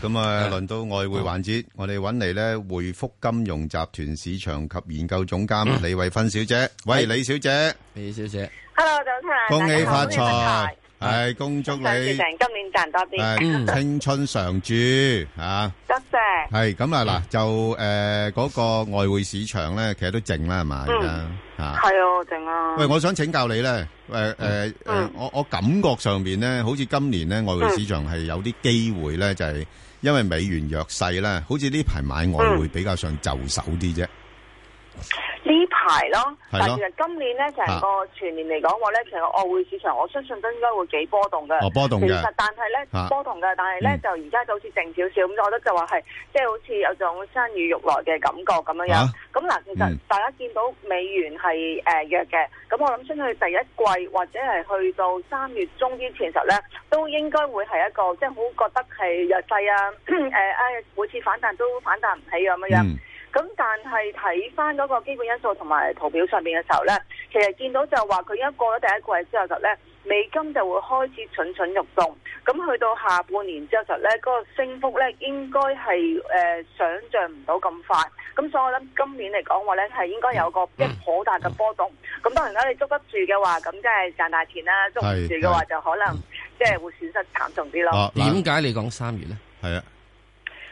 得咁啊！輪到外匯環節，我哋揾嚟咧匯福金融集團市場及研究總監李慧芬小姐。喂，李小姐，李小姐，Hello 早晨，恭喜發財，係恭祝你今年賺多啲，青春常駐啊！多謝，係咁啊嗱，就誒嗰個外匯市場咧，其實都靜啦，係嘛而家。係啊，正啊！喂，我想請教你呢。誒、呃、誒、嗯呃、我我感覺上邊呢，好似今年呢，外匯市場係有啲機會呢，就係因為美元弱勢呢，好似呢排買外匯比較上就手啲啫。呢排咯，但其實今年咧成個全年嚟講話咧，其、啊、個外匯市場，我相信都應該會幾波動嘅、哦。波動其實但係咧，啊、波動嘅，但係咧、嗯、就而家就好似靜少少咁，我覺得就話係即係好似有種山雨欲來嘅感覺咁樣樣。咁嗱、啊，其實、嗯、大家見到美元係誒、呃、弱嘅，咁我諗出去第一季或者係去到三月中之前實咧，都應該會係一個即係好覺得係弱勢啊誒、呃，每次反彈都反彈唔起咁樣樣。嗯。咁但係睇翻嗰個基本因素同埋圖表上邊嘅時候咧，其實見到就話佢一過咗第一季之後就咧，美金就會開始蠢蠢欲動。咁去到下半年之後就咧，嗰、那個升幅咧應該係誒想象唔到咁快。咁所以我諗今年嚟講話咧係應該有一個一好大嘅波動。咁當然啦，嗯、你捉得住嘅話，咁即係賺大錢啦；捉唔住嘅話就可能即係會損失慘重啲咯。哦，點解、嗯嗯嗯啊、你講三月咧？係啊，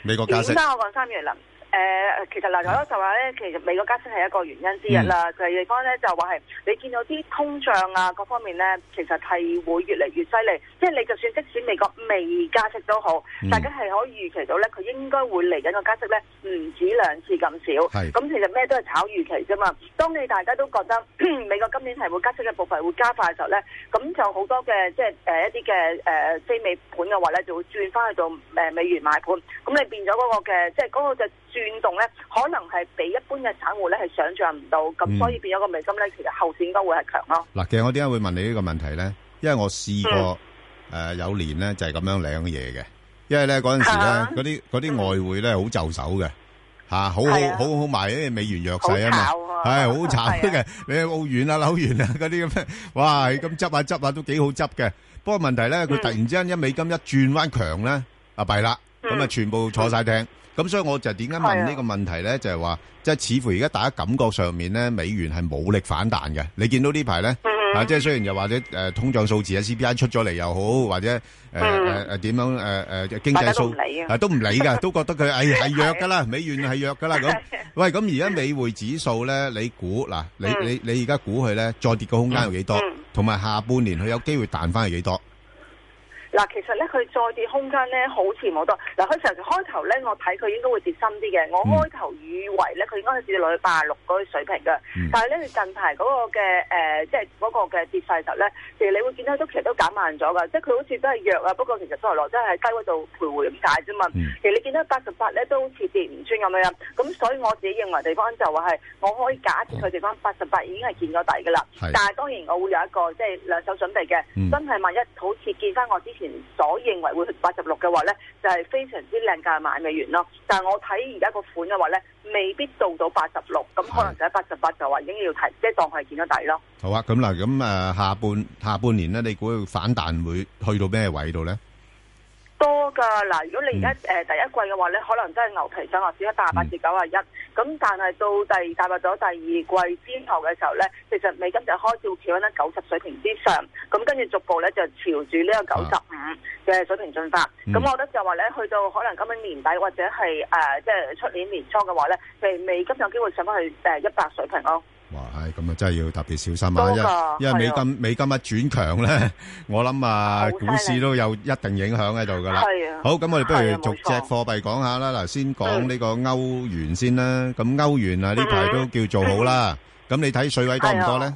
美國加息。點解我講三月啦。誒，嗯、其實嗱，有一就話咧，其實美國加息係一個原因之一啦、嗯。就係另一方面咧，就話係你見到啲通脹啊，各方面咧，其實係會越嚟越犀利。即係你就算、是、即使美國未加息都好，嗯、大家係可以預期到咧，佢應該會嚟緊個加息咧，唔止兩次咁少。咁是、嗯、其實咩都係炒預期啫嘛。當你大家都覺得美國今年係會加息嘅部分會加快嘅時候咧，咁就好多嘅即係誒、呃、一啲嘅誒非美盤嘅話咧，就會轉翻去到誒、呃、美元買盤。咁你變咗嗰、那個嘅，即係嗰個嘅。轉動咧，可能係比一般嘅散戶咧係想象唔到，咁所以變咗個美金咧，其實後市應該會係強咯。嗱，其實我點解會問你呢個問題咧？因為我試過誒有年咧就係咁樣領嘢嘅，因為咧嗰陣時咧嗰啲嗰啲外匯咧好就手嘅嚇，好好好好賣，因為美元弱勢啊嘛，係好慘嘅。你去澳元啊、紐元啊嗰啲咁樣，哇，咁執下執下都幾好執嘅。不過問題咧，佢突然之間一美金一轉彎強咧，啊弊啦，咁啊全部坐曬艇。咁所以我就點解問呢個問題咧、啊？就係話，即係似乎而家大家感覺上面咧，美元係冇力反彈嘅。你見到呢排咧，嗯、啊，即係雖然又或者誒、呃、通脹數字啊 CPI 出咗嚟又好，或者誒誒誒點樣誒誒、呃、經濟數啊都唔理噶，都覺得佢誒係弱噶啦，美元係弱噶啦咁。喂，咁而家美匯指數咧，你估嗱，你、嗯、你你而家估佢咧，再跌個空間有幾多？同埋、嗯、下半年佢有機會彈翻去幾多？嗱，其實咧佢再跌空間咧好似冇多。嗱，開頭開頭咧，我睇佢應該會跌深啲嘅。嗯、我開頭以為咧，佢應該係跌到落去八十六嗰個水平嘅。嗯、但係咧，近排嗰個嘅誒，即係嗰個嘅跌勢就咧，其實你會見到都其實都減慢咗㗎。即係佢好似都係弱啊，不過其實都係落，真係喺低位度徘徊咁大啫嘛。其實、嗯、你見到八十八咧，都好似跌唔穿咁樣。咁所以我自己認為地方就話係我可以假設佢地方八十八已經係見咗底㗎啦。嗯、但係當然我會有一個即係、就是、兩手準備嘅，嗯、真係萬一好似見翻我之前。所認為會去八十六嘅話咧，就係、是、非常之靚價買美元咯。但係我睇而家個款嘅話咧，未必做到到八十六，咁的可能就喺八十八就話已經要提，即係當佢係見到底咯。好啊，咁嗱，咁誒下半下半年咧，你估佢反彈會去到咩位度咧？多噶嗱，如果你而家誒第一季嘅話咧，你可能真係牛皮上落小一八十八至九十一，咁但係到第踏入咗第二季之後嘅時候咧，其實美金就開始跳喺咧九十水平之上，咁跟住逐步咧就朝住呢個九十五嘅水平進發，咁、啊嗯、我覺得就話咧，去到可能今年年底或者係誒、呃、即係出年年初嘅話咧，其實美金有機會上翻去誒一百水平咯、哦。哇！係咁啊，真係要特別小心啊，的因為的因為美金的美金一轉強咧，我諗啊，股市都有一定影響喺度噶啦。係啊的，好，咁我哋不如逐隻貨幣講下啦。嗱，先講呢個歐元先啦。咁歐元啊，呢排都叫做好啦。咁的你睇水位多唔多咧？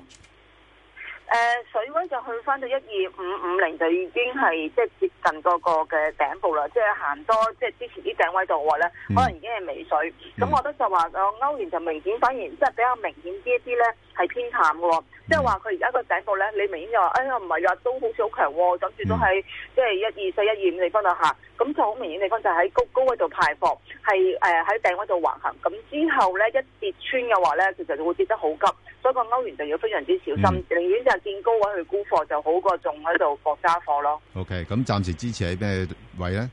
誒，水位就去翻到一二五五零就已經係即係接近嗰個嘅頂部啦，即係行多即係、就是、之前啲頂位就話咧可能已經係尾水，咁、嗯、我覺得就話個歐元就明顯反而即係比較明顯啲一啲咧。係偏淡嘅，即係話佢而家個頂部咧，你明顯就話，哎呀唔係啊，都好似好強，諗住都係即係一二四一二五地方度、呃、行，咁就好明顯地方就喺高高位度派貨，係誒喺頂部度橫行，咁之後咧一跌穿嘅話咧，其實就會跌得好急，所以個歐元就要非常之小心，寧願、嗯、就見高位去沽貨就好過仲喺度搏加貨咯。OK，咁暫時支持喺咩位咧？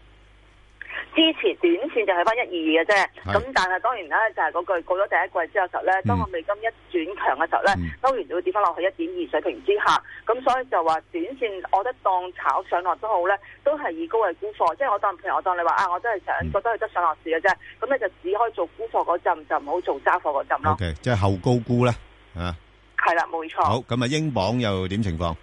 支持短線就係翻一、二、二嘅啫，咁但係當然啦，就係嗰句過咗第一季之後嘅時候咧，當我美金一轉強嘅時候咧，歐元就、嗯嗯、會跌翻落去一點二水平之下，咁所以就話短線我覺得當炒上落都好咧，都係以高位沽貨，即係我當譬如，如我當你話啊，我真係想覺得佢真上落市嘅啫，咁你就只可以做沽貨嗰陣，就唔好做揸貨嗰陣咯。O、okay, K，即係後高估咧，啊、就是，係啦，冇錯。好，咁啊，英鎊又點情況？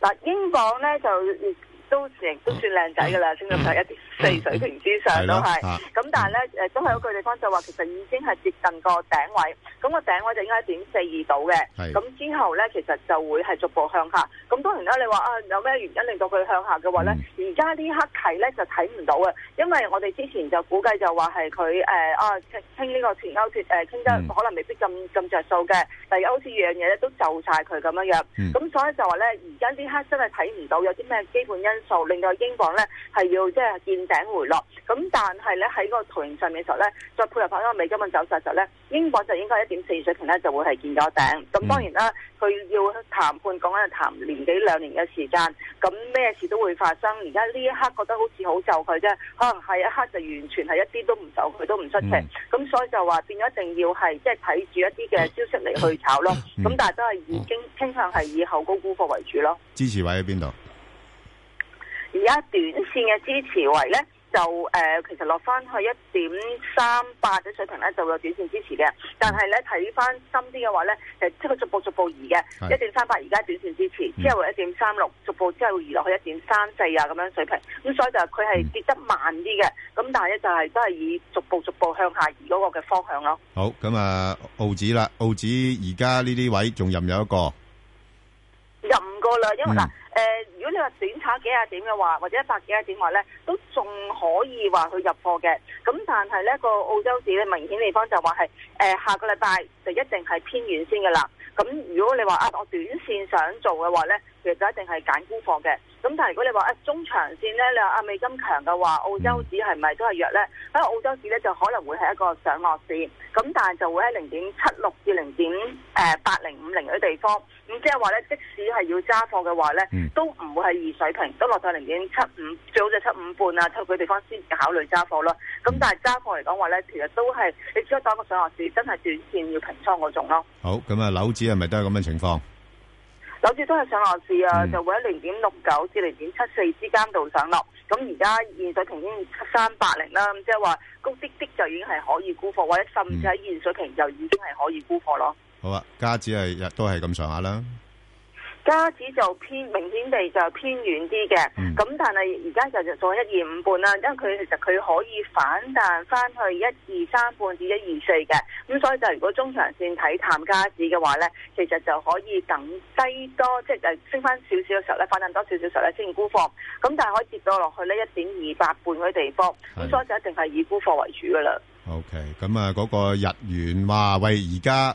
嗱，英鎊咧就。都成都算靚仔㗎啦，升到上一點四水平之上都係，咁、 啊、但係咧誒都係有個地方就話其實已經係接近個頂位，咁、那個頂位就應該一點四二度嘅，咁是之後咧其實就會係逐步向下，咁當然啦，你話啊有咩原因令到佢向下嘅話咧，而家、嗯、呢一刻睇咧就睇唔到嘅，因為我哋之前就估計就話係佢誒啊傾呢個前歐脫誒傾得可能未必咁咁著數嘅，但係好似樣嘢咧都就晒佢咁樣樣，咁樣、嗯、所以就話咧而家呢一刻真係睇唔到有啲咩基本因。因素令到英鎊咧係要即係見頂回落，咁但係咧喺嗰個圖形上面嘅時候咧，再配合翻嗰個美金嘅走勢嘅時候咧，英鎊就應該一點四水平咧就會係見咗頂。咁當然啦、啊，佢要談判講緊係談年幾兩年嘅時間，咁咩事都會發生。而家呢一刻覺得好似好就佢啫，可能係一刻就完全係一啲都唔就佢都唔出奇。咁、嗯、所以就話變咗一定要係即係睇住一啲嘅消息嚟去炒咯。咁、嗯、但係都係已經傾向係以後高沽貨為主咯。支持位喺邊度？而家短線嘅支持位咧，就誒、呃、其實落翻去一點三八嘅水平咧，就會有短線支持嘅。但係咧睇翻深啲嘅話咧，誒即係佢逐步逐步移嘅，一點三八而家短線支持，之後一點三六，逐步之後移落去一點三四啊咁樣水平。咁所以就係佢係跌得慢啲嘅，咁、嗯、但係咧就係、是、都係以逐步逐步向下移嗰個嘅方向咯。好，咁啊澳紙啦，澳紙而家呢啲位仲任有一個。入唔過啦，因為嗱，誒、mm hmm. 呃，如果你話短炒幾廿點嘅話，或者一百幾廿點話咧，都仲可以話去入貨嘅。咁但係咧，這個澳洲指咧明顯地方就話係誒下個禮拜就一定係偏軟先嘅啦。咁如果你話啊，我短線想做嘅話咧，其實就一定係揀沽貨嘅。咁但係如果你話誒、啊、中長線咧，你話阿美金強嘅話，澳洲指係咪都係弱咧？喺澳洲指咧就可能會係一個上落市，咁但係就會喺零點七六至零點誒八零。零嘅地方，咁、嗯、即係話咧，即使係要揸貨嘅話咧，都唔會係二水平，都落到零點七五，最好就七五半啊，佢地方先考慮揸貨咯。咁、嗯、但係揸貨嚟講話咧，其實都係你只要當個上落市，真係短線要平倉嗰種咯。好，咁啊，樓指係咪都係咁嘅情況？樓指都係上落市啊，就會喺零點六九至零點七四之間度上落。咁而家現水平已經點七三八零啦，咁即係話高啲啲就已經係可以沽貨，或者甚至喺現水平就已經係可以沽貨咯。嗯好啊，加紙係日都係咁上下啦。加紙就偏明顯地就偏遠啲嘅，咁、嗯、但係而家就就做一二五半啦，因為佢其實佢可以反彈翻去一二三半至一二四嘅，咁所以就如果中長線睇淡加紙嘅話咧，其實就可以等低多，即係升翻少少嘅時候咧，反彈多少少時候咧先沽貨，咁但係可以跌到落去呢一點二八半嗰啲地方，咁是所以就一定係以沽貨為主噶啦。OK，咁啊，嗰個日元話喂而家。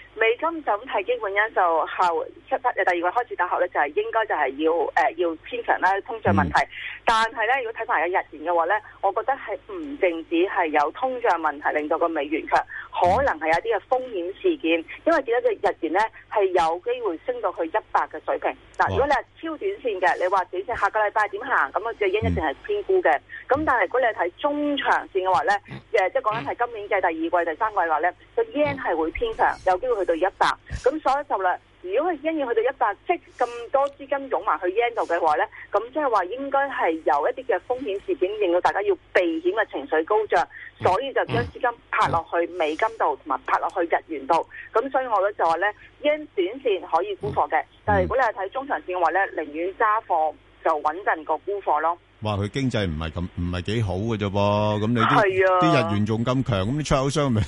美金總體基本因素後出翻，第二季開始打學咧就係應該就係要誒、呃、要偏強啦，通脹問題。Mm hmm. 但係咧，如果睇埋嘅日元嘅話咧，我覺得係唔淨止係有通脹問題令到個美元強，可能係有啲嘅風險事件，因為見到嘅日元咧係有機會升到去一百嘅水平。嗱，oh. 如果你係超短線嘅，你話短線下個禮拜點行咁啊？隻英一定係偏沽嘅。咁、mm hmm. 但係如果你係睇中長線嘅話咧，誒 即係講緊係今年嘅第二季、第三季嘅話咧，個 yen 係會偏強，有機會，會。去到一百，咁所以就啦。如果佢仍要去到一百，即咁多資金湧埋去 Yen 度嘅話呢，咁即係話應該係由一啲嘅風險事件令到大家要避險嘅情緒高漲，所以就將資金拍落去美金度同埋拍落去日元度。咁所以我咧就話呢，Yen 短線可以沽貨嘅，但係如果你係睇中長線嘅話呢，寧願揸貨就穩陣過沽貨咯。話佢經濟唔係咁唔係幾好嘅啫噃，咁你啲係啊、啲日元仲咁強，咁你出口商咪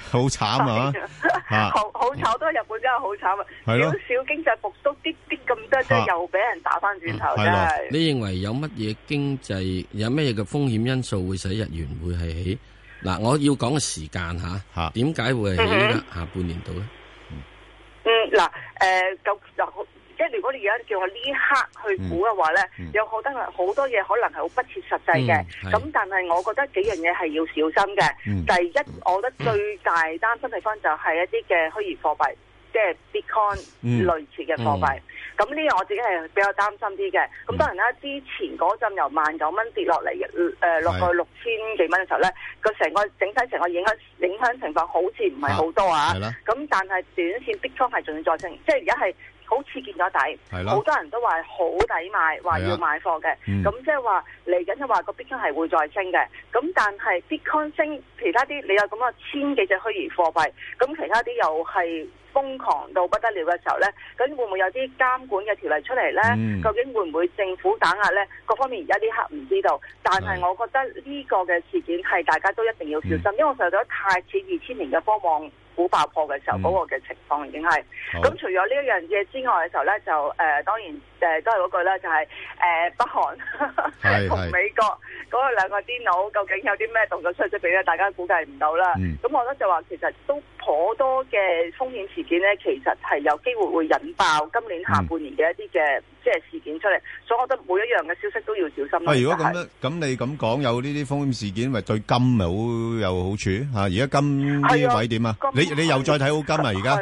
好慘啊！好好慘，都係日本真係好慘啊！係咯，少少經濟復甦啲啲咁多，即係又俾人打翻轉頭係。啊啊、你認為有乜嘢經濟有乜嘢嘅風險因素會使日元會係起？嗱，我要講嘅時間吓，點解會係起咧？啊、嗯嗯下半年度咧？嗯，嗯，嗱，誒，就、呃、嗱。即係如果你而家叫我呢刻去估嘅話咧，嗯、有好多好多嘢可能係好不切實際嘅。咁、嗯、但係我覺得幾樣嘢係要小心嘅。嗯、第一，我覺得最大擔心地方就係一啲嘅虛擬貨幣，即係 Bitcoin 類似嘅貨幣。咁呢、嗯嗯、樣我自己係比較擔心啲嘅。咁當然啦、啊，之前嗰陣由萬九蚊跌落嚟，誒落去六千幾蚊嘅時候咧，個成個整體成個影響影響情況好似唔係好多啊。咁、啊啊、但係短線 Bitcoin 係仲要，要再升，即係而家係。好似見咗底，好的多人都話好抵買，話要買貨嘅。咁、嗯、即係話嚟緊就話個 Bitcoin 係會再升嘅。咁但係 Bitcoin 升，其他啲你有咁嘅千幾隻虛擬貨幣，咁其他啲又係瘋狂到不得了嘅時候呢，咁會唔會有啲監管嘅條例出嚟呢？究竟會唔會，、嗯、會，會政府打壓呢？各方面而家呢刻唔知道。但係我覺得呢個嘅事件係大家都一定要小心，嗯、因為我受咗太似二千年嘅科網。股爆破嘅時候，嗰個嘅情況已經係咁。除咗呢一樣嘢之外嘅時候咧，就誒當然誒都係嗰句啦，就係誒北韓同美國嗰兩個癲佬，究竟有啲咩動作出出嚟咧，大家估計唔到啦。咁、嗯、我覺得就話其實都頗多嘅風險事件咧，其實係有機會會引爆今年下半年嘅一啲嘅。即係事件出嚟，所以我覺得每一樣嘅消息都要小心啦。係如果咁樣，咁你咁講有呢啲風險事件，咪對金咪好有好處吓？而家金呢位點啊？你你又再睇好金啊？而家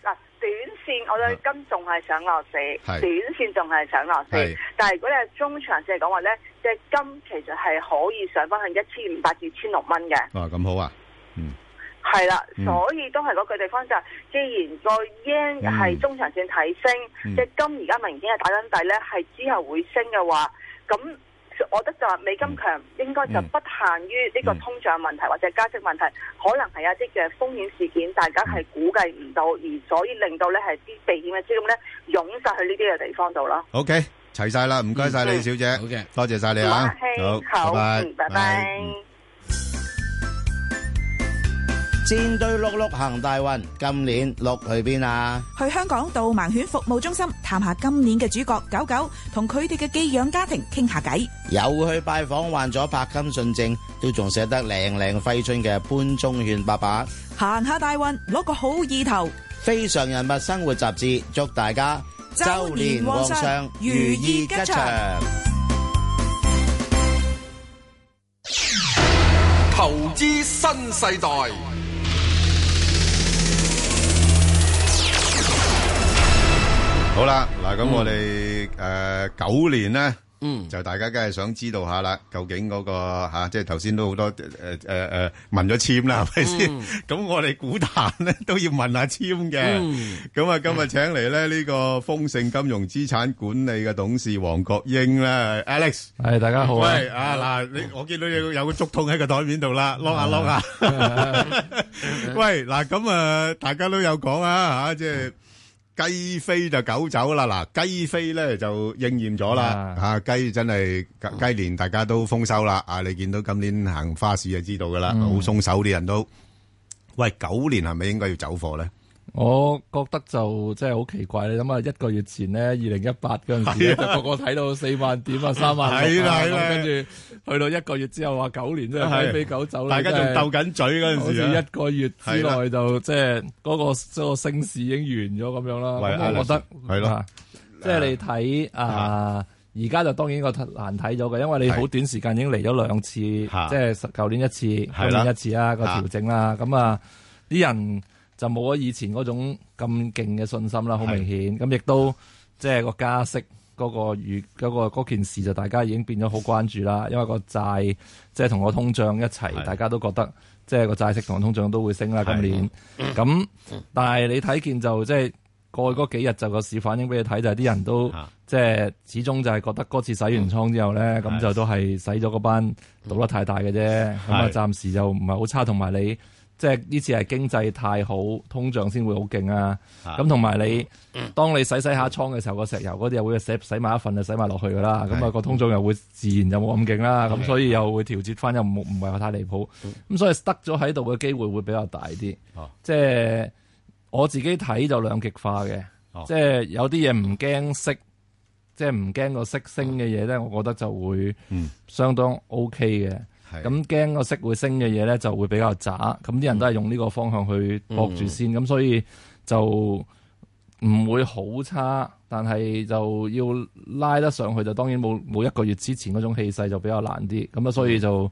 嗱，短線我對金仲係想落市，短線仲係想落市。但係如果你係中長線嚟講話咧，即係金其實係可以上翻去一千五百至千六蚊嘅。哦，咁好啊，嗯。係啦，所以都係嗰句地方就係，既然個 yen 係中長線睇升，嗯嗯、即金而家明顯係打緊底咧，係之後會升嘅話，咁我覺得就話美金強應該就不限於呢個通脹問題或者加息問題，嗯嗯嗯、可能係一啲嘅風險事件，大家係估計唔到，而所以令到咧係啲避險嘅資金咧湧晒去呢啲嘅地方度咯。OK，齊晒啦，唔該晒李小姐，嗯、okay, 多謝晒你馬兄 啊，好，醜 拜拜。拜拜，拜拜。煎堆碌碌行大運，今年碌去邊啊？去香港導盲犬服務中心探下今年嘅主角狗狗，同佢哋嘅寄養家庭傾下偈。又去拜訪患咗柏金遜症，都仲寫得靚靚揮春嘅潘宗憲伯伯。行下大運，攞個好意頭。非常人物生活雜誌祝大家周年旺上，如意吉祥。投資新世代。好啦，嗱，咁我哋誒狗年咧，嗯，就大家梗係想知道下啦，究竟嗰個吓，即係頭先都好多誒誒誒問咗簽啦，係咪先？咁我哋股壇咧，都要問下簽嘅，咁啊今日請嚟咧，呢個豐盛金融資產管理嘅董事黃國英啦，Alex，係大家好啊，喂啊，嗱，你我見到有有個竹筒喺個台面度啦，攞下攞下，喂嗱咁啊，大家都有講啊吓，即係。雞飛就狗走啦！嗱，雞飛咧就應驗咗啦，吓雞 Yeah.、啊、真係雞年大家都豐收啦！啊，你見到今年行花市就知道噶啦，好鬆、mm. 手啲人都，喂，狗年係咪應該要走貨咧？我覺得就即係好奇怪，你諗下，一個月前咧，二零一八嗰陣時就個個睇到四萬點啊，三萬，跟住去到一個月之後，話九年真係雞飛狗走，大家仲鬥緊嘴嗰陣時一個月之內就即係嗰個個升市已經完咗咁樣啦。我覺得係啦，即係你睇啊，而家就當然個難睇咗嘅，因為你好短時間已經嚟咗兩次，即係舊年一次，今年一次啊個調整啦。咁啊啲人。就冇咗以前嗰種咁勁嘅信心啦，好明顯。咁亦是的 都即係、就是、個加息嗰、嗰個與件事，就大家已經變咗好關注啦。因為個債即係同個通脹一齊，是的 大家都覺得即係、就是、個債息同通脹都會升啦。是的 今年咁是的，但係你睇見就即、是、係過去嗰幾日就個市反應俾你睇，就係啲、就是、人都即係、就是、始終就係覺得嗰次洗完倉之後咧，咁是的 就都係洗咗嗰班賭得太大嘅啫。咁啊，就暫時就唔係好差，同埋你。即係呢次係經濟太好，通脹先會好勁啊！咁同埋你，當你洗洗下倉嘅時候，個石油嗰啲又會洗洗埋一份，就洗埋落去㗎啦。咁啊，個通脹又會自然就冇咁勁啦。咁所以又會調節翻，又唔係話太離譜。咁所以得咗喺度嘅機會會比較大啲。即係我自己睇就兩極化嘅。哦。即係有啲嘢唔驚息，即係唔驚個息升嘅嘢咧，我覺得就會相當 OK 嘅。咁驚個息會升嘅嘢咧，就會比較渣。咁啲、嗯、人都係用呢個方向去搏住先，咁、嗯、所以就唔會好差。但係就要拉得上去，就當然冇冇一個月之前嗰種氣勢就比較難啲。咁啊，所以就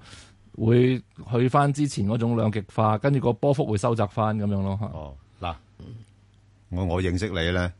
會去翻之前嗰種兩極化，跟住個波幅會收窄翻咁樣咯。哦，嗱、啊，嗯、我我認識你咧，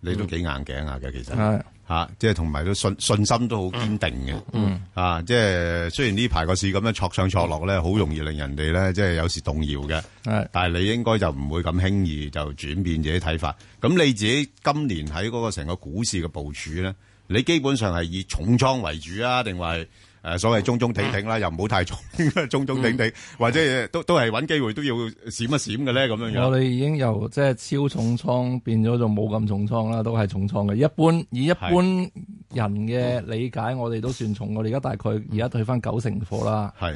你都幾硬頸下嘅，其實。啊，即係同埋都信信心都好堅定嘅，嗯、啊，即係雖然啟啟呢排個市咁樣挫上挫落咧，好容易令人哋咧，即係有時動搖嘅，是的 但係你應該就唔會咁輕易就轉變自己睇法。咁你自己今年喺嗰個成個股市嘅部署咧，你基本上係以重倉為主啊，定話誒，所謂中中挺挺啦，又唔好太重， 中中挺挺，或者都都係揾機會，都會都要閃一閃嘅咧，咁樣樣。我哋已經由即係超重倉變咗，就冇咁重倉啦，都係重倉嘅。一般以一般人嘅理解，的我哋都算重。我哋而家大概而家退翻九成貨啦。係。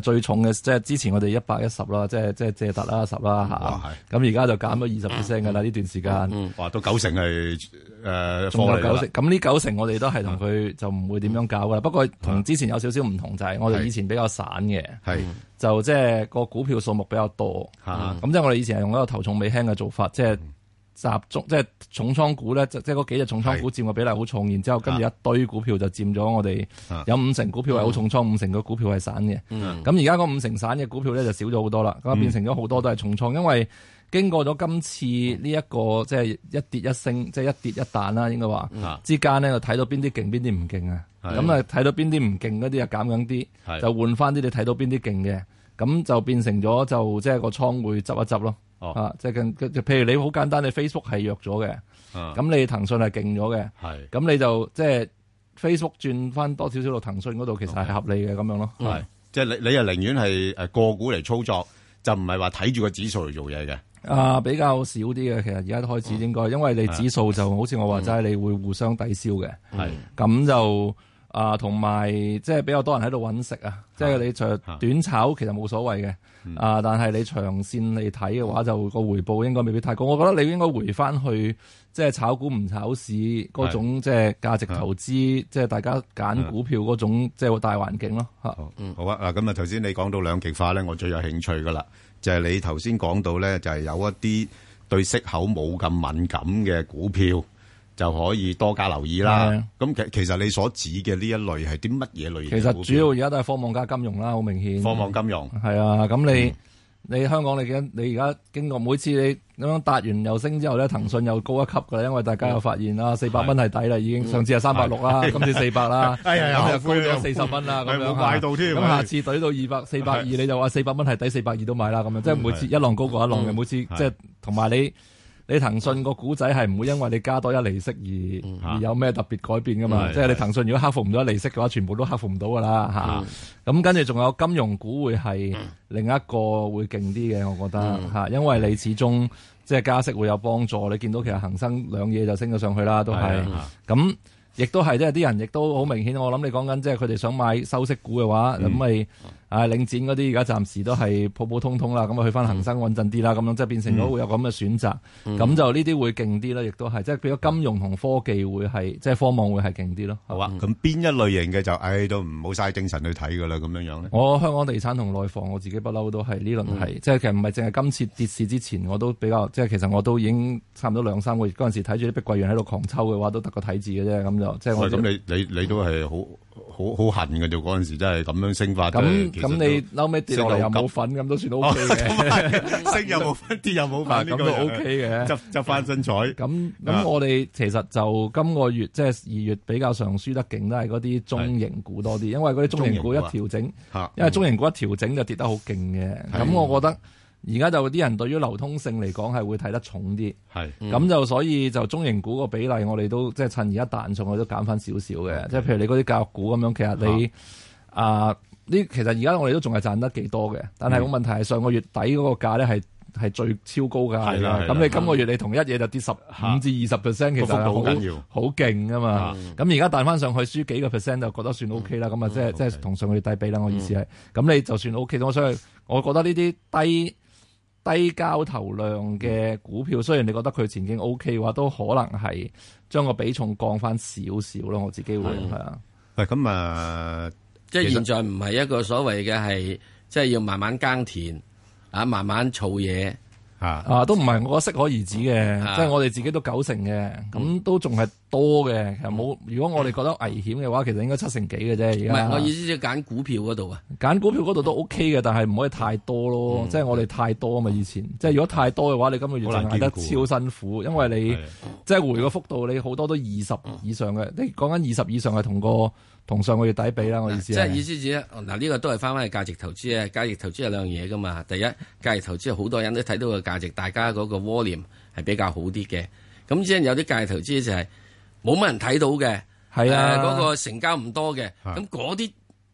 最重嘅即係之前我哋一百一十啦，即係即係借突啦十啦嚇，咁而家就減咗二十 percent 嘅啦，呢段時間，嗯嗯嗯。哇，都九成係誒、呃、九成。咁呢九成我哋都係同佢就唔會點樣搞噶啦。啊、不過同之前有少少唔同就係、是，我哋以前比較散嘅，是就即係個股票數目比較多。嚇、啊、咁、嗯、即係我哋以前係用一個頭重尾輕嘅做法，即係是。嗯集中即係重倉股咧，即係嗰幾隻重倉股佔嘅比例好重，然之後跟住一堆股票就佔咗我哋有五成股票係好重倉，五成嘅股票係散嘅。咁而家嗰五成散嘅股票咧就少咗好多啦，咁啊變成咗好多都係重倉，因為經過咗今次呢一個即係一跌一升，即係一跌一彈啦，應該話之間咧就睇到邊啲勁，邊啲唔勁啊。咁啊睇到邊啲唔勁嗰啲啊減緊啲，就換翻啲你睇到邊啲勁嘅。咁就變成咗就即係、就是、個倉會執一執咯，oh, 啊即係、就是、譬如你好簡單，你 Facebook 係弱咗嘅，咁、uh, 你騰訊係勁咗嘅，咁、uh, 你就即係、就是、Facebook 轉翻多少少到騰訊嗰度，其實係合理嘅咁 okay. 樣咯。係、嗯、即係你你又寧願係誒個股嚟操作，就唔係話睇住個指數嚟做嘢嘅。啊、uh, 比較少啲嘅，其實而家都開始應該，因為你指數就，就好似我話齋，你會互相抵消嘅。係咁就。啊，同埋即係比較多人喺度揾食啊！的即係你著短炒，其實冇所謂嘅。啊的，但係你長線嚟睇嘅話，就個回報應該未必太高。我覺得你應該回翻去即係炒股唔炒市嗰種，即係價值投資，的即係大家揀股票嗰種，即係大環境咯。嚇，嗯的的，好啊。嗱，咁啊，頭先你講到兩極化咧，我最有興趣噶啦，就係、是、你頭先講到咧，就係有一啲對息口冇咁敏感嘅股票。就可以多加留意啦。咁其其實你所指嘅呢一類係啲乜嘢類型？其實主要而家都係科網加金融啦，好明顯。科網金融係啊。咁你你香港你你你而家經過每次你咁樣達完又升之後咧，騰訊又高一級㗎喇。因為大家又發現啊，四百蚊係抵啦，已經上次係三百六啦，今次四百啦。係啊，又高咗四十蚊啦。咁樣吓，咁下次懟到二百四百二，你就話四百蚊係抵四百二都買啦。咁樣即係每次一浪高過一浪嘅，每次即係同埋你。你騰訊個股仔係唔會因為你多加多一厘息而有咩特別改變噶嘛？即係是你騰訊如果克服唔到一厘息嘅話，全部都克服唔到噶啦吓。咁跟住仲有金融股會係另一個會勁啲嘅，我覺得吓、啊，因為你始終即係加息會有幫助。你見到其實恆生兩嘢就升咗上去啦，都係咁，亦都係即係啲人亦都好明顯。我諗你講緊即係佢哋想買收息股嘅話咁咪。嗯嗯嗯啊！領展嗰啲而家暫時都係普普通通啦，咁啊去翻恒生穩陣啲啦，咁樣即係變成咗會有咁嘅選擇，咁就呢啲會勁啲啦，亦都係即係譬如金融同科技會係即係科網會係勁啲咯。好，咁邊一類型嘅就唉都唔好嘥精神去睇噶啦，咁樣樣咧。我香港地產同內房我自己不嬲都係呢輪係，即係其實唔係淨係今次跌市之前，我都比較即係其實我都已經差唔多兩三個月嗰陣時睇住啲碧桂園喺度狂抽嘅話，都得個睇字嘅啫，咁就即係我。係咁，你你你都係好。好好痕㗎就嗰陣時，真係咁樣升翻。咁咁你嬲尾跌落嚟又冇份，咁都算 O K 嘅。升又冇份，跌又冇份，咁都 O K 嘅。執執翻身彩，咁咁我哋其實就今個月即係二月比較上輸得勁，都係嗰啲中型股多啲，因為嗰啲中型股一調整，因為中型股一調整就跌得好勁嘅。咁我覺得。而家就啲人對於流通性嚟講係會睇得重啲，係咁就所以就中型股個比例，我哋都即係趁而家彈上去都減翻少少嘅。即係譬如你嗰啲教育股咁樣，其實你啊呢，其實而家我哋都仲係賺得幾多嘅。但係個問題係上個月底嗰個價咧係係最超高㗎，係啦。咁你今個月你同一嘢就跌十五至二十 percent，其實好緊要，好勁㗎嘛。咁而家彈翻上去，輸幾個 percent 就覺得算 OK 啦。咁啊即係即係同上個月底比啦。我意思係，咁你就算 OK。我想，我覺得呢啲低。低交投量嘅股票，雖然你覺得佢前景 OK 嘅話，都可能係將個比重降翻少少咯。我自己會係啊。喂，咁啊， 即係現在唔係一個所謂嘅係，即係要慢慢耕田啊，慢慢儲嘢。啊！都唔係，我覺得適可而止嘅，啊、即係我哋自己都九成嘅，咁、嗯、都仲係多嘅。其實冇，如果我哋覺得危險嘅話，其實應該七成幾嘅啫。唔係，我意思即係揀股票嗰度啊，揀股票嗰度都 OK 嘅，但係唔可以太多咯。嗯、即係我哋太多啊嘛，以前即係如果太多嘅話，你今個月捱得超辛苦，因為你的即係回個幅度，你好多都二十以上嘅。嗯、你講緊二十以上係同個。嗯同上個月底比啦，啊、我意思，啊、即係意思指，嗱呢，啊這個都係翻翻去價值投資啊！價值投資有兩樣嘢噶嘛，第一價值投資好多人都睇到個價值，大家嗰個 volume 係比較好啲嘅。咁之係有啲價值投資就係冇乜人睇到嘅，係啊，嗰、啊那個成交唔多嘅。咁嗰啲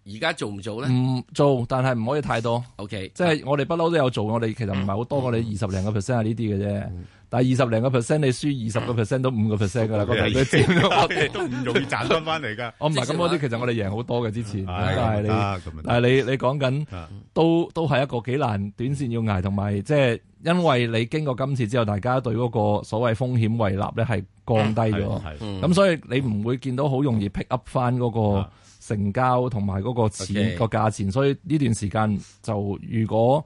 而家做唔做咧？唔、嗯、做，但係唔可以太多。OK，即係我哋不嬲都有做，嗯、我哋其實唔係好多過你二十零個 percent 呢啲嘅啫。嗯但係二十零個 percent，你輸二十個 percent 到五個 percent 㗎啦，嗰啲錢都唔容易賺翻翻嚟㗎。我唔係咁嗰啲，其實我哋贏好多嘅之前。係啊，但係你、哎、但你講緊都都係一個幾難短線要捱，同埋即係因為你經過今次之後，大家對嗰個所謂風險胃納咧係降低咗。係， 咁所以你唔會見到好容易 pick up 翻嗰個成交同埋嗰個錢個 價錢。所以呢段時間就如果。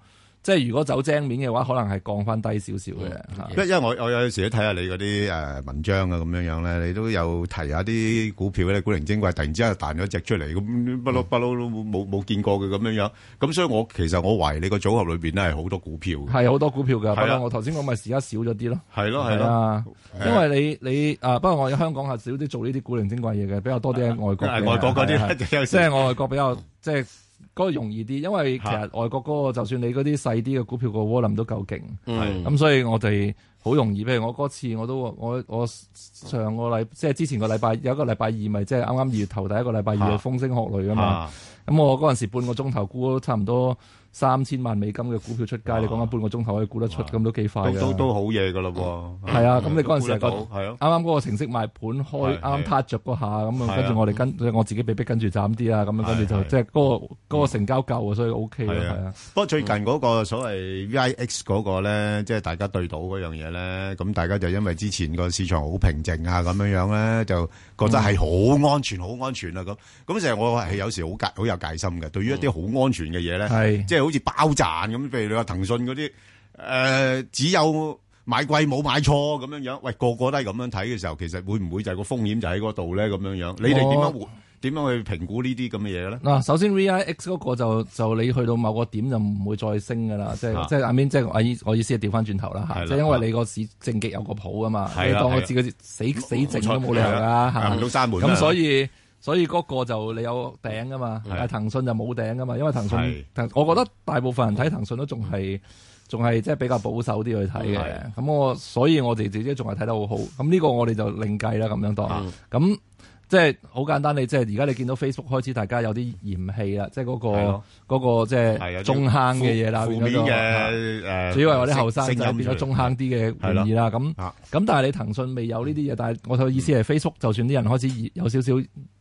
即係如果走正面嘅話，可能係降翻低少少嘅。因因為我我有時睇下你嗰啲誒文章啊，咁樣樣咧，你都有提下啲股票咧，古靈精怪，突然之間彈咗隻出嚟，咁不嬲不嬲冇冇見過嘅咁樣樣。咁所以我其實我懷疑你個組合裏邊咧係好多股票嘅，係好多股票㗎。不過我頭先講咪時間少咗啲咯。係咯係咯，因為你你啊，不過我喺香港係少啲做呢啲古靈精怪嘢嘅，比較多啲喺外國，外國嗰啲即係外國比較即係。嗰個容易啲，因為其實外國嗰、嗰個哈就算你嗰啲細啲嘅股票、那個 volume 都夠勁，係咁、嗯嗯，所以我哋好容易。譬如我嗰次我，我都我我上個禮，即係之前個禮拜有一個禮拜二，咪即係啱啱二月頭第一個禮拜二係風聲鶴唳啊嘛，咁哈、嗯、我嗰陣時半個鐘頭估都差唔多。三千萬美金嘅股票出街，你講緊半個鐘頭可以估得出，咁都幾快都都好嘢㗎啦喎！係啊，咁你嗰陣時係個啱啱嗰個程式賣盤開啱 touch 嗰下，咁啊跟住我哋跟，我自己被迫跟住斬啲啊，咁啊跟住就即係嗰個成交夠啊，所以 OK 咯，係啊。不過最近嗰個所謂 VIX 嗰個咧，即係大家對賭嗰樣嘢咧，咁大家就因為之前個市場好平靜啊，咁樣樣咧就覺得係好安全，好安全啊。咁。咁成日我係有時好戒，好有戒心嘅。對於一啲好安全嘅嘢咧，即係。好似爆炸咁，譬如你話騰訊嗰啲，誒、呃、只有買貴冇買錯咁樣樣，喂個個都係咁樣睇嘅時候，其實會唔會就係個風險就喺嗰度咧？咁樣樣，你哋點樣點樣去評估呢啲咁嘅嘢咧？嗱，首先 VIX 嗰個就就你去到某個點就唔會再升噶啦，即係即係眼邊即係我意我意思係調翻轉頭啦，吓、like，即係的因為你個市政極有個譜噶嘛，的你當我指嗰的死死證都冇理由噶行到閂門咁、啊、所以、啊所以嗰個就你有頂噶嘛，但係騰訊就冇頂噶嘛，因為騰訊，我覺得大部分人睇騰訊都仲係，仲係即係比較保守啲去睇嘅。咁我，所以我哋自己仲係睇得好好。咁呢個我哋就另計啦，咁樣當。咁即係好簡單，你即係而家你見到 Facebook 開始大家有啲嫌棄啦，即係嗰個嗰個即係中坑嘅嘢啦，面嘅誒，主要係我啲後生仔變咗中坑啲嘅玩意啦。咁咁但係你騰訊未有呢啲嘢，但係我意思係 Facebook 就算啲人開始有少少。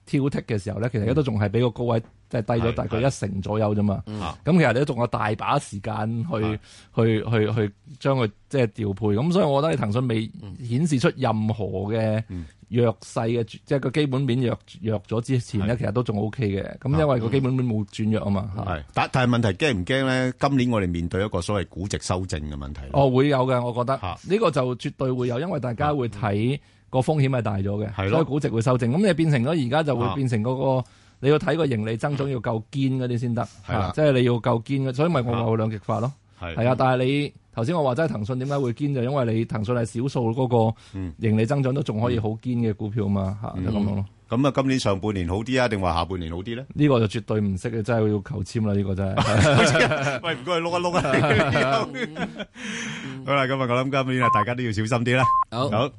挑剔嘅時候咧，其實而家都仲係比個高位即係低咗大概一成左右啫嘛。咁、嗯、其實你都仲有大把時間去、嗯、去去去，去將佢即係調配。咁所以我覺得騰訊未顯示出任何嘅弱勢嘅，嗯、即係個基本面弱弱咗之前咧，嗯、其實都仲 O K 嘅。咁、嗯、因為個基本面冇轉弱啊嘛。係、嗯是，但係問題驚唔驚咧？今年我哋面對一個所謂估值修正嘅問題。哦，會有嘅，我覺得呢、呢個就絕對會有，因為大家會睇、嗯。個風險係大咗嘅，所以估值會修正。咁你變成咗而家就會變成嗰個，你要睇個盈利增長要夠堅嗰啲先得，係即係你要夠堅嘅。所以咪我話會兩極化咯。係啊，但係你頭先我話齋騰訊點解會堅就因為你騰訊係少數嗰個盈利增長都仲可以好堅嘅股票嘛吓，咁樣咯。咁啊，今年上半年好啲啊，定話下半年好啲咧？呢個就絕對唔識嘅，真係要求簽啦，呢個真係。喂，唔該，碌一碌啦。好啦，咁啊，我諗今年大家都要小心啲啦。好。